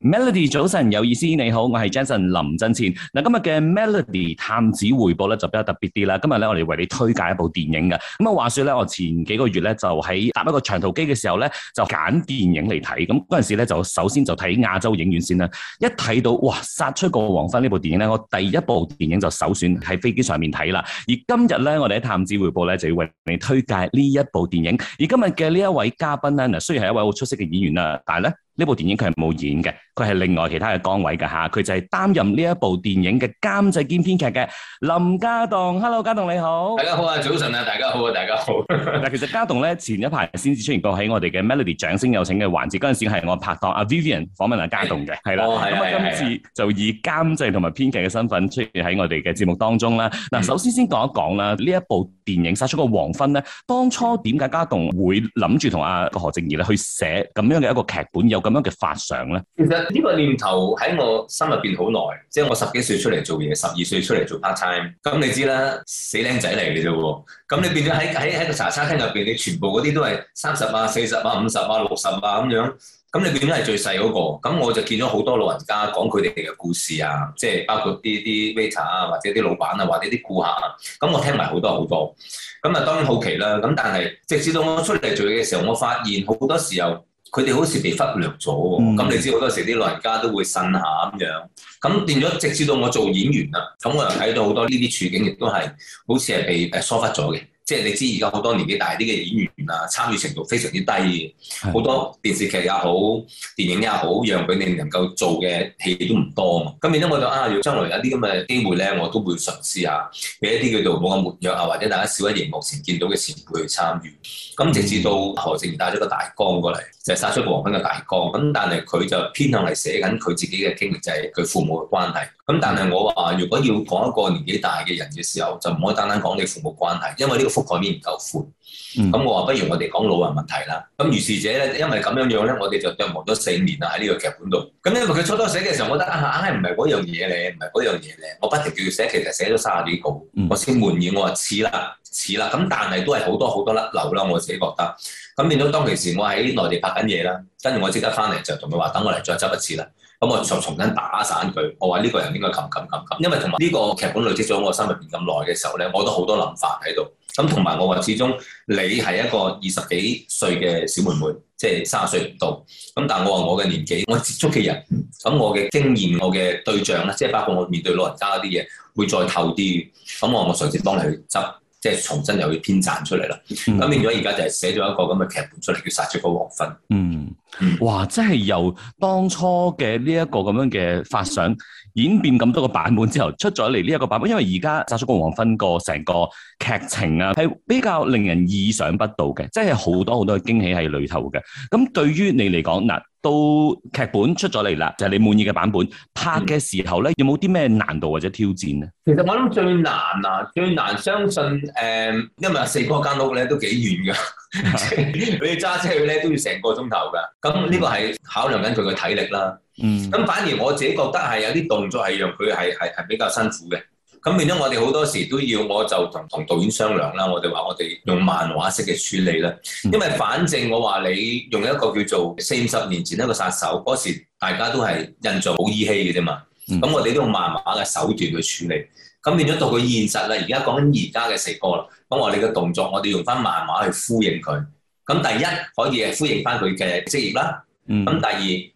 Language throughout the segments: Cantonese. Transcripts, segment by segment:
Melody 早晨有意思你好，我係 Jason 林振千。嗱，今日嘅 Melody 探子回報咧就比較特別啲啦。今日咧我哋為你推介一部電影嘅。咁啊，話說咧，我前幾個月咧就喺搭一個長途機嘅時候咧，就揀電影嚟睇。咁嗰陣時咧就首先就睇亞洲影院先啦。一睇到哇殺出個黃昏呢部電影咧，我第一部電影就首選喺飛機上面睇啦。而今日咧我哋喺探子回報咧就要為你推介呢一部電影。而今日嘅呢一位嘉賓咧，嗱雖然係一位好出色嘅演員啊，但係咧呢部電影佢係冇演嘅。佢係另外其他嘅崗位㗎吓，佢就係擔任呢一部電影嘅監製兼編劇嘅林家棟。Hello，家棟你好，家好，家好，大家好啊，早晨啊，大家好啊，大家好。嗱，其實家棟咧前一排先至出現過喺我哋嘅 Melody 掌聲有請嘅環節，嗰陣時係我拍檔阿 Vivian 訪問阿家棟嘅，係啦是。咁啊的、哦、今次就以監製同埋編劇嘅身份出現喺我哋嘅節目當中啦。嗱的，首先先講一講啦，呢一部電影《殺出個黃昏》咧，當初點解家棟會諗住同阿何靜怡咧去寫咁樣嘅一個劇本，有咁樣嘅發想咧？其實。呢個念頭喺我心入邊好耐，即係我十幾歲出嚟做嘢，十二歲出嚟做 part time。咁你知啦，死僆仔嚟嘅啫喎。咁你變咗喺喺喺個茶餐廳入邊，你全部嗰啲都係三十啊、四十啊、五十啊、六十啊咁樣。咁你變咗係最細嗰個。咁我就見咗好多老人家講佢哋嘅故事啊，即係包括啲啲 waiter 啊，或者啲老闆啊，或者啲顧客啊。咁我聽埋好多好多。咁啊，當然好奇啦。咁但係直至到我出嚟做嘢嘅時候，我發現好多時候。佢哋好似被忽略咗咁、嗯、你知好多時啲老人家都會呻下咁樣，咁變咗直至到我做演員啦，咁我又睇到好多呢啲處境亦都係好似係被誒疏忽咗嘅，即係你知而家好多年紀大啲嘅演員。啊！參與程度非常之低，好的多電視劇也好，電影也好，讓佢哋能夠做嘅戲都唔多。咁變咗我就啊，如果將來有啲咁嘅機會咧，我都會嘗試下俾一啲叫做冇咁活躍啊，或者大家少一年目前見到嘅前輩去參與。咁、嗯、直至到何靜帶咗個大綱過嚟，就係、是、殺出個黃昏嘅大綱。咁但係佢就偏向嚟寫緊佢自己嘅經歷，就係、是、佢父母嘅關係。咁但係我話，嗯、如果要講一個年紀大嘅人嘅時候，就唔可以單單講你父母關係，因為呢個覆蓋面唔夠闊。咁、嗯、我話不。我哋講老人問題啦，咁如是者咧，因為咁樣樣咧，我哋就折磨咗四年啦喺呢個劇本度。咁因為佢初初寫嘅時候，我覺得啊，硬係唔係嗰樣嘢咧，唔係嗰樣嘢咧，我不停叫佢寫，其實寫咗三十幾稿，我先滿意。我話似啦，似啦，咁但係都係好多好多甩漏啦，我自己覺得。咁變到當其時，我喺內地拍緊嘢啦，跟住我即刻翻嚟就同佢話，等我嚟再執一次啦。咁我就重新打散佢，我話呢個人應該咁咁咁咁，因為同埋呢個劇本累積咗我心入邊咁耐嘅時候咧，我都好多諗法喺度。咁同埋我話，始終你係一個二十幾歲嘅小妹妹，即係三十歲唔到。咁但係我話我嘅年紀，我接觸嘅人，咁我嘅經驗，我嘅對象咧，即係包括我面對老人家嗰啲嘢，會再透啲。咁我我上次幫你去執，即係重新又去編撰出嚟啦。咁變咗而家就係寫咗一個咁嘅劇本出嚟，叫《殺出個黃昏》。嗯。哇！真係由當初嘅呢一個咁樣嘅發想演變咁多個版本之後，出咗嚟呢一個版本，因為而家《殺出個黃昏》分個成個劇情啊，係比較令人意想不到嘅，即係好多好多嘅驚喜喺裏頭嘅。咁對於你嚟講嗱，到劇本出咗嚟啦，就係、是、你滿意嘅版本。拍嘅時候咧，有冇啲咩難度或者挑戰咧？其實我諗最難啊，最難相信誒、嗯，因為四哥間屋咧都幾遠噶，你揸車去咧都要成個鐘頭噶。咁呢個係考量緊佢嘅體力啦。咁、嗯、反而我自己覺得係有啲動作係讓佢係係係比較辛苦嘅。咁變咗我哋好多時都要，我就同同導演商量啦。我哋話我哋用漫畫式嘅處理啦。嗯、因為反正我話你用一個叫做四十年前一個殺手嗰時，大家都係印象好依稀嘅啫嘛。咁、嗯、我哋都用漫畫嘅手段去處理。咁變咗到佢現實啦，而家講緊而家嘅四哥啦。咁我哋嘅動作，我哋用翻漫畫去呼應佢。咁第一可以呼應翻佢嘅職業啦，咁第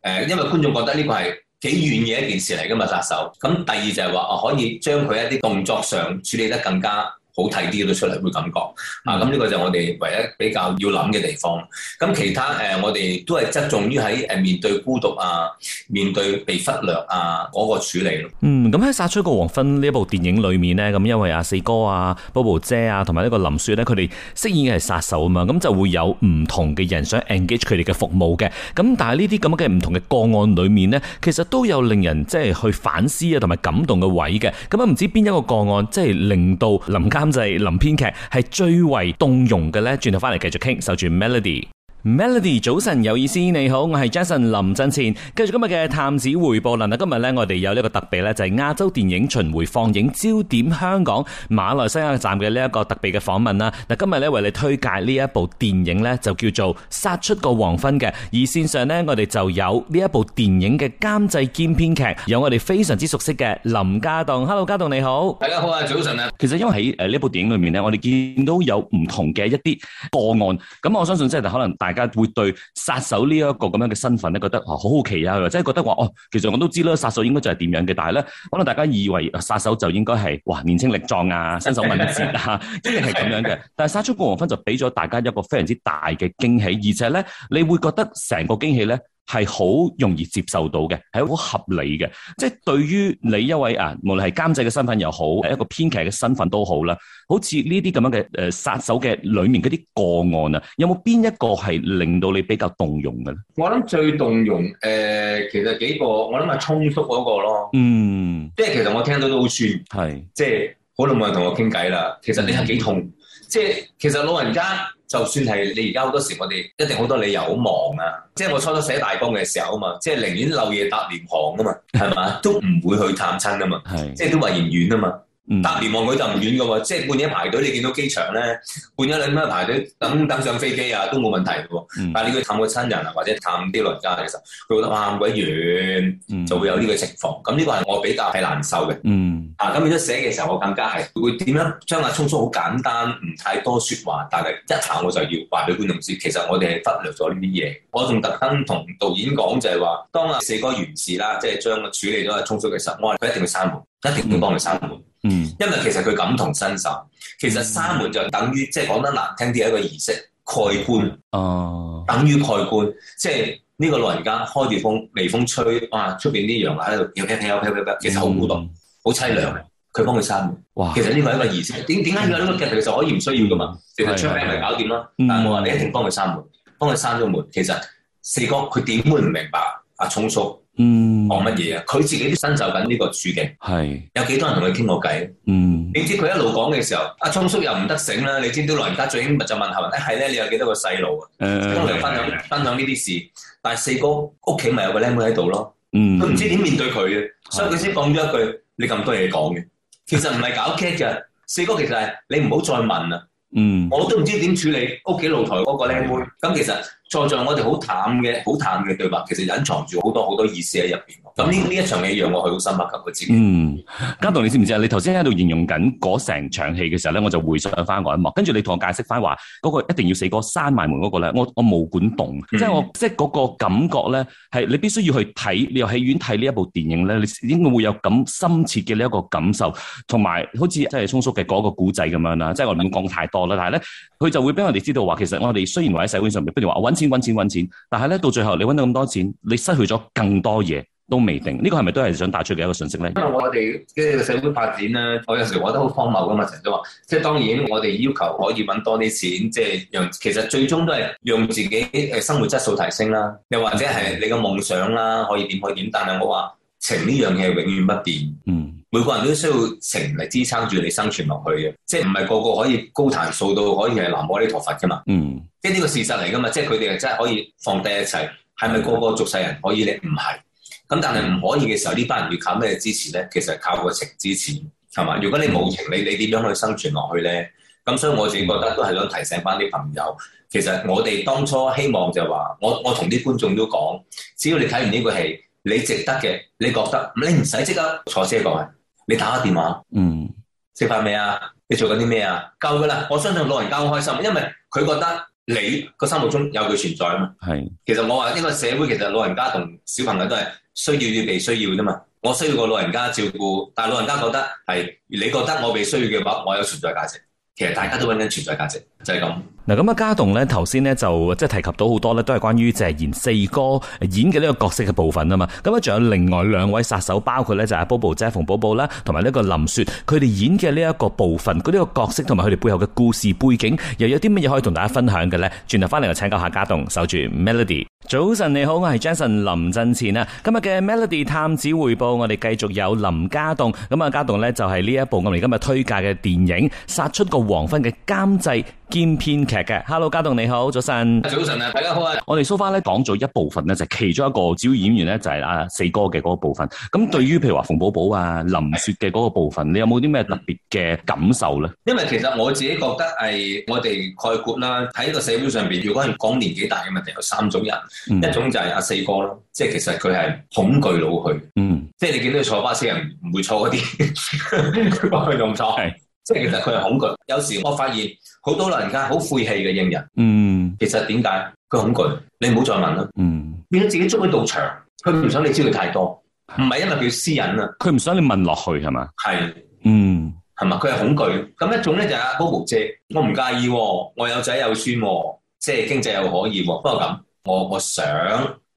二誒，因為觀眾覺得呢個係幾遠嘅一件事嚟㗎嘛，殺手，咁第二就係話哦可以將佢一啲動作上處理得更加。好睇啲都出嚟，會感覺，啊！咁、嗯、呢個就我哋唯一比較要諗嘅地方。咁、嗯、其他誒、呃，我哋都係側重於喺誒面對孤獨啊、面對被忽略啊嗰、這個處理咯。嗯，咁喺《殺出個黃昏》呢一部電影裏面咧，咁因為阿四哥啊、Bobo 姐啊同埋呢個林雪咧、啊，佢哋飾演嘅係殺手啊嘛，咁就會有唔同嘅人想 engage 佢哋嘅服務嘅。咁但係呢啲咁嘅唔同嘅個案裏面咧，其實都有令人即係去反思啊同埋感動嘅位嘅。咁啊，唔知邊一個個案即係令到林家咁就係林編劇係最為動容嘅咧，轉頭翻嚟繼續傾，守住 melody。Melody，早晨有意思，你好，我係 Jason 林振前，繼續今日嘅探子回報啦。嗱，今日呢，我哋有呢一個特別呢，就係亞洲電影巡迴放映焦點香港馬來西亞站嘅呢一個特別嘅訪問啦。嗱，今日呢，為你推介呢一部電影呢，就叫做《殺出個黃昏》嘅。而線上呢，我哋就有呢一部電影嘅監製兼編劇，有我哋非常之熟悉嘅林家棟。Hello，家棟你好，大家好啊，早晨啊。其實因為喺誒呢部電影裏面呢，我哋見到有唔同嘅一啲個案，咁我相信即係可能大。大家會對殺手呢一個咁樣嘅身份咧，覺得好好奇啊，即係覺得話哦，其實我都知啦，殺手應該就係點樣嘅，但係咧，可能大家以為殺手就應該係哇年輕力壯啊，身手敏捷啊，都係係咁樣嘅，但係殺出個黃昏就俾咗大家一個非常之大嘅驚喜，而且咧，你會覺得成個驚喜咧。係好容易接受到嘅，係好合理嘅。即係對於你一位啊，無論係監製嘅身份又好，一個編劇嘅身份都好啦。好似呢啲咁樣嘅誒，殺、呃、手嘅裏面嗰啲個案啊，有冇邊一個係令到你比較動容嘅咧？我諗最動容誒、呃，其實幾個我諗係，沖叔嗰個咯。嗯，即係其實我聽到都好酸，係是，即係好耐冇人同我傾偈啦。其實你係幾痛？是即係其實老人家。就算係你而家好多時，我哋一定好多理由好忙啊！即係我初初寫大綱嘅時候啊嘛，即係寧願漏夜搭廉航啊嘛，係咪， 都唔會去探親啊嘛，即係都話嫌遠啊嘛。搭廉航佢就唔遠嘅喎，即係半夜排隊你見到機場咧，半夜兩點啊排隊等等上飛機啊都冇問題嘅喎。嗯、但係你要去探個親人啊，或者探啲老人家其實佢覺得哇鬼、啊、遠，嗯、就會有呢個情況。咁呢個係我比較係難受嘅。嗯啊！咁佢、啊、一寫嘅、啊啊、時候，我更加係會點樣將阿聰叔好簡單，唔太多説話，但係一談我就要話俾觀眾知。其實我哋係忽略咗呢啲嘢。我仲特登同導演講就係話，當阿四哥完事啦，即係將處理咗阿聰叔嘅時候，我話一定會閂門，一定要幫你閂門，嗯。嗯，因為其實佢感同身受。其實閂門就等於、嗯、即係講得難聽啲，係一個儀式蓋棺。哦，等於蓋棺。即係呢個老人家開住風微風吹哇，出邊啲羊喺度，嗯、其實好孤獨。好淒涼，佢幫佢閂門。其實呢個係一個儀式。點點解要有呢個鏡頭？其實可以唔需要噶嘛？其實出名咪搞掂咯。但我話你一定幫佢閂門，幫佢閂咗門。其實四哥佢點會唔明白阿聰叔講乜嘢啊？佢自己都身受緊呢個處境。係有幾多人同佢傾過偈？嗯，你知佢一路講嘅時候，阿聰叔又唔得醒啦。你知唔知老人家最興就問候，一係咧，你有幾多個細路啊？咁分享分享呢啲事。但係四哥屋企咪有個僆妹喺度咯。佢唔知點面對佢，所以佢先講咗一句。你咁多嘢講嘅，其實唔係搞劇嘅， 四哥其實係你唔好再問啦。嗯，我都唔知點處理屋企露台嗰個靚妹。咁、嗯、其實。在在我哋好淡嘅，好淡嘅對白，其實隱藏住好多好多意思喺入邊。咁呢呢一場戲讓我去好深刻嘅知覺。嗯，嘉棠德、嗯、你知唔知啊？你頭先喺度形容緊嗰成場戲嘅時候咧，我就回想翻我一幕。跟住你同我解釋翻話嗰個一定要死過閂埋門嗰個咧，我我冇管動，即係、嗯、我即係嗰個感覺咧，係你必須要去睇，你由戲院睇呢一部電影咧，你應該會有咁深切嘅呢一個感受，同埋好似即係充叔嘅嗰個故仔咁樣啦。即、就、係、是、我唔講太多啦。但係咧，佢就會俾我哋知道話，其實我哋雖然話喺社會上面，不如話錢錢錢，但係咧，到最後你揾到咁多錢，你失去咗更多嘢都未定。呢個係咪都係想帶出嘅一個信息咧？因為我哋即係社會發展啦，我有時覺得好荒謬噶嘛，成日都話，即係當然我哋要求可以揾多啲錢，即係用，其實最終都係用自己嘅生活質素提升啦，又或者係你嘅夢想啦，可以點可以點，但係我話情呢樣嘢永遠不變。嗯。每個人都需要情嚟支撐住你生存落去嘅，即係唔係個個可以高談素到可以係南無阿彌陀佛噶嘛？嗯，即係呢個事實嚟噶嘛？即係佢哋係真係可以放低一切，係咪個個俗世人可以？你唔係，咁但係唔可以嘅時候，呢班人要靠咩支持咧？其實靠個情支持，係嘛？如果你冇情，你你點樣去生存落去咧？咁所以我自己覺得都係想提醒翻啲朋友，其實我哋當初希望就話，我我同啲觀眾都講，只要你睇完呢個戲，你值得嘅，你覺得你唔使即刻坐車過去。你打個電話，嗯，食飯未啊？你做緊啲咩啊？夠噶啦，我相信老人家好開心，因為佢覺得你個心目中有佢存在啊嘛。係是，其實我話呢個社會其實老人家同小朋友都係需要與被需要啫嘛。我需要個老人家照顧，但係老人家覺得係你覺得我被需要嘅話，我有存在價值。其實大家都搵緊存在價值。就係咁。嗱，咁啊，家棟咧，頭先咧就即係提及到好多咧，都係關於謝賢四哥演嘅呢個角色嘅部分啊嘛。咁啊，仲有另外兩位殺手，包括咧就係 Bobo 姐、馮寶寶啦，同埋呢個林雪，佢哋演嘅呢一個部分，佢呢個角色同埋佢哋背後嘅故事背景，又有啲乜嘢可以同大家分享嘅咧？轉頭翻嚟就請教下家棟，守住 Melody。早晨你好，我係 Jason 林振前啊。今日嘅 Melody 探子匯報，我哋繼續有林家棟。咁啊，家棟咧就係呢一部我哋今日推介嘅電影《殺出個黃昏》嘅監製。兼編劇嘅，Hello 家棟你好，早晨。早晨啊，大家好啊！我哋蘇花咧講咗一部分咧，就係、是、其中一個主要演員咧，就係阿四哥嘅嗰個部分。咁對於譬如話馮寶寶啊、林雪嘅嗰個部分，你有冇啲咩特別嘅感受咧？因為其實我自己覺得係我哋概括啦，喺個社會上邊，如果係講年紀大嘅問題，有三種人，嗯、一種就係阿、啊、四哥咯，即係其實佢係恐懼老去。嗯，即係你見到坐巴士人唔會坐嗰啲，我係仲坐。 即係其實佢係恐懼，有時我發現好多老人家好晦氣嘅應人。嗯，其實點解佢恐懼？你唔好再問啦。嗯，變咗自己捉唔道場，佢唔想你知道太多，唔係因為佢要私隱啊，佢唔想你問落去係嘛？係，是嗯，係嘛？佢係恐懼。咁一種咧就係阿 Bobo 姐，我唔介意喎，我有仔有孫喎，即、就、係、是、經濟又可以、哦。不過咁，我我想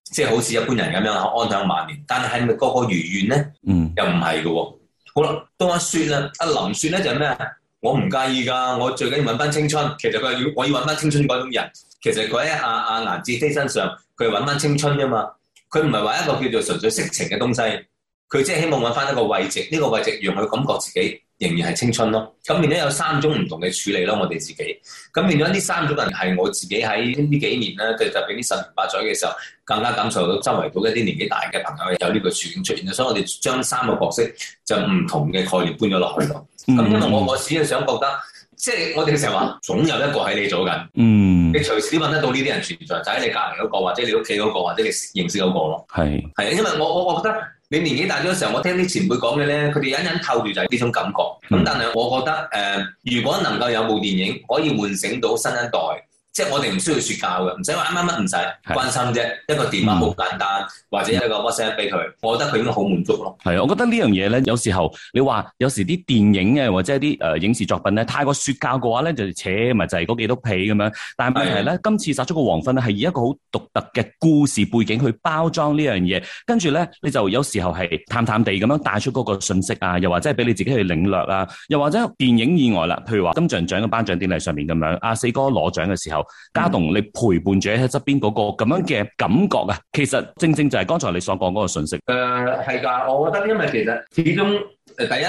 即係、就是、好似一般人咁樣安享晚年，但係咪個個如願咧？嗯，又唔係嘅。好啦，到阿雪啦，阿林雪咧就咩啊？我唔介意噶，我最緊要揾翻青春。其實佢要，我要揾翻青春嗰種人。其實佢喺阿阿蘭志飛身上，佢揾翻青春噶嘛。佢唔係話一個叫做純粹色情嘅東西，佢即係希望揾翻一個慰藉，呢、這個慰藉讓佢感覺自己。仍然係青春咯，咁變咗有三種唔同嘅處理咯，我哋自己，咁變咗呢三種人係我自己喺呢幾年咧，即係就別啲十年八載嘅時候，更加感受到周圍到一啲年紀大嘅朋友有呢個處境出現咗，所以我哋將三個角色就唔同嘅概念搬咗落去咯。咁、mm hmm. 因為我我只係想覺得，即係我哋成日話總有一個喺你做緊，mm hmm. 你隨時揾得到呢啲人存在，就喺你隔離嗰個，或者你屋企嗰個，或者你認識嗰、嗰個咯。係係是，因為我我我覺得。你年紀大咗嘅時候，我聽啲前輩講嘅咧，佢哋隱隱透住就係呢種感覺。咁但係我覺得，呃，如果能夠有部電影可以喚醒到新一代。即係我哋唔需要説教嘅，唔使話乜乜乜唔使關心啫。是一個電話好簡單，嗯、或者一個 WhatsApp 俾佢，我覺得佢應該好滿足咯。係啊，我覺得呢樣嘢咧，有時候你話有時啲電影嘅、啊、或者啲誒影視作品咧，太過説教嘅話咧，就扯咪就係嗰幾多皮咁樣。但係問題咧，是今次殺出個黃昏咧，係以一個好獨特嘅故事背景去包裝呢樣嘢，跟住咧你就有時候係淡淡地咁樣帶出嗰個信息啊，又或者係俾你自己去領略啊，又或者電影以外啦，譬如話金像獎嘅頒獎典禮上面咁樣，阿、啊、四哥攞獎嘅時候。啊家棟，你陪伴住喺側邊嗰個咁樣嘅感覺啊，其實正正就係剛才你所講嗰個信息。誒、呃，係噶，我覺得因為其實始終，第一，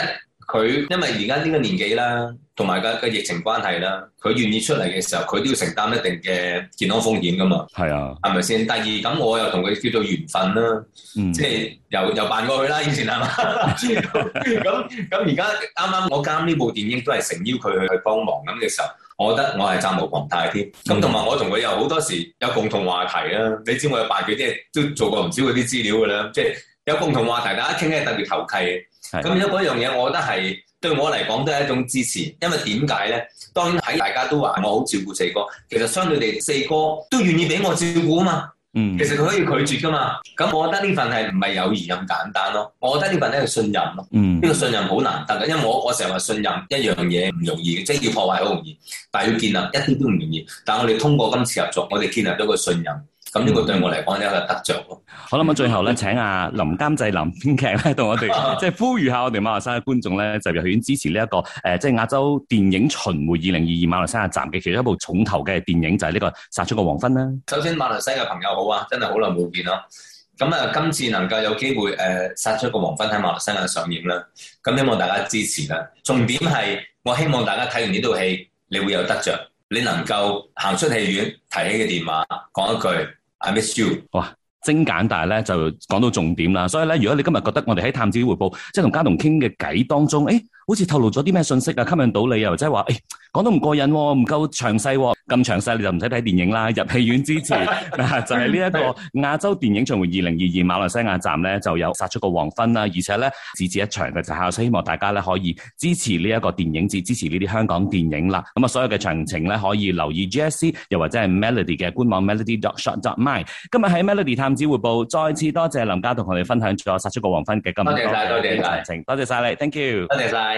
佢因為而家呢個年紀啦，同埋嗰嗰疫情關係啦，佢願意出嚟嘅時候，佢都要承擔一定嘅健康風險噶嘛。係啊，係咪先？第二，咁我又同佢叫做緣分啦，即係又又扮過去啦，以前係嘛。咁咁而家啱啱我監呢部電影，都係誠邀佢去幫忙咁嘅時候。我覺得我係責無旁貸添，咁同埋我同佢有好多時有共同話題啦。你知我有擺即係，都做過唔少嗰啲資料嘅啦。即係有共同話題，大家傾咧特別投契嘅。咁如果一樣嘢，我覺得係對我嚟講都係一種支持，因為點解咧？當然喺大家都話我好照顧四哥，其實相對地四哥都願意俾我照顧啊嘛。嗯，其實佢可以拒絕噶嘛，咁我覺得呢份係唔係友誼咁簡單咯，我覺得呢份咧係信任咯，呢個信任，嗯，好難得嘅，因為我我成日話信任一樣嘢唔容易嘅，即係要破壞好容易，但係要建立一啲都唔容易，但係我哋通過今次合作，我哋建立咗個信任。咁呢、嗯、個對我嚟講有一個得着咯。嗯、好啦，咁最後咧，請阿、啊、林監製林、林編劇咧，同 我哋即係呼籲下我哋馬來西亞嘅觀眾咧，就入戲院支持呢、這、一個誒、呃，即係亞洲電影巡迴二零二二馬來西亞站嘅其中一部重頭嘅電影，就係、是、呢、這個《殺出個黃昏》啦。首先，馬來西亞朋友好啊，真係好耐冇見啦。咁啊，今次能夠有機會誒《殺、呃、出個黃昏》喺馬來西亞上演啦。咁希望大家支持啦、啊。重點係，我希望大家睇完呢套戲，你會有得着，你能夠行出戲院，提起嘅電話講一句。I miss you。哇，精簡，但係咧就講到重點啦。所以咧，如果你今日覺得我哋喺探子回報，即係同嘉棟傾嘅偈當中，誒。好似透露咗啲咩信息啊？吸引到你又即係話，誒，講得唔過癮，啊，唔夠詳細，咁詳細你就唔使睇電影啦。入戲院支持， 就係呢一個亞洲電影巡回二零二二馬來西亞站咧，就有殺出個黃昏啦，啊，而且咧只此一場嘅特效，所以希望大家咧可以支持呢一個電影，至支持呢啲香港電影啦。咁啊，所有嘅詳情咧可以留意 GSC，又或者係 Melody 嘅官網 melody dot shot dot my。今日喺 Melody 探子回報，再次多謝林家同我哋分享咗殺出個黃昏嘅咁多。謝謝多謝晒，多謝晒，多謝晒你，Thank you，多謝晒。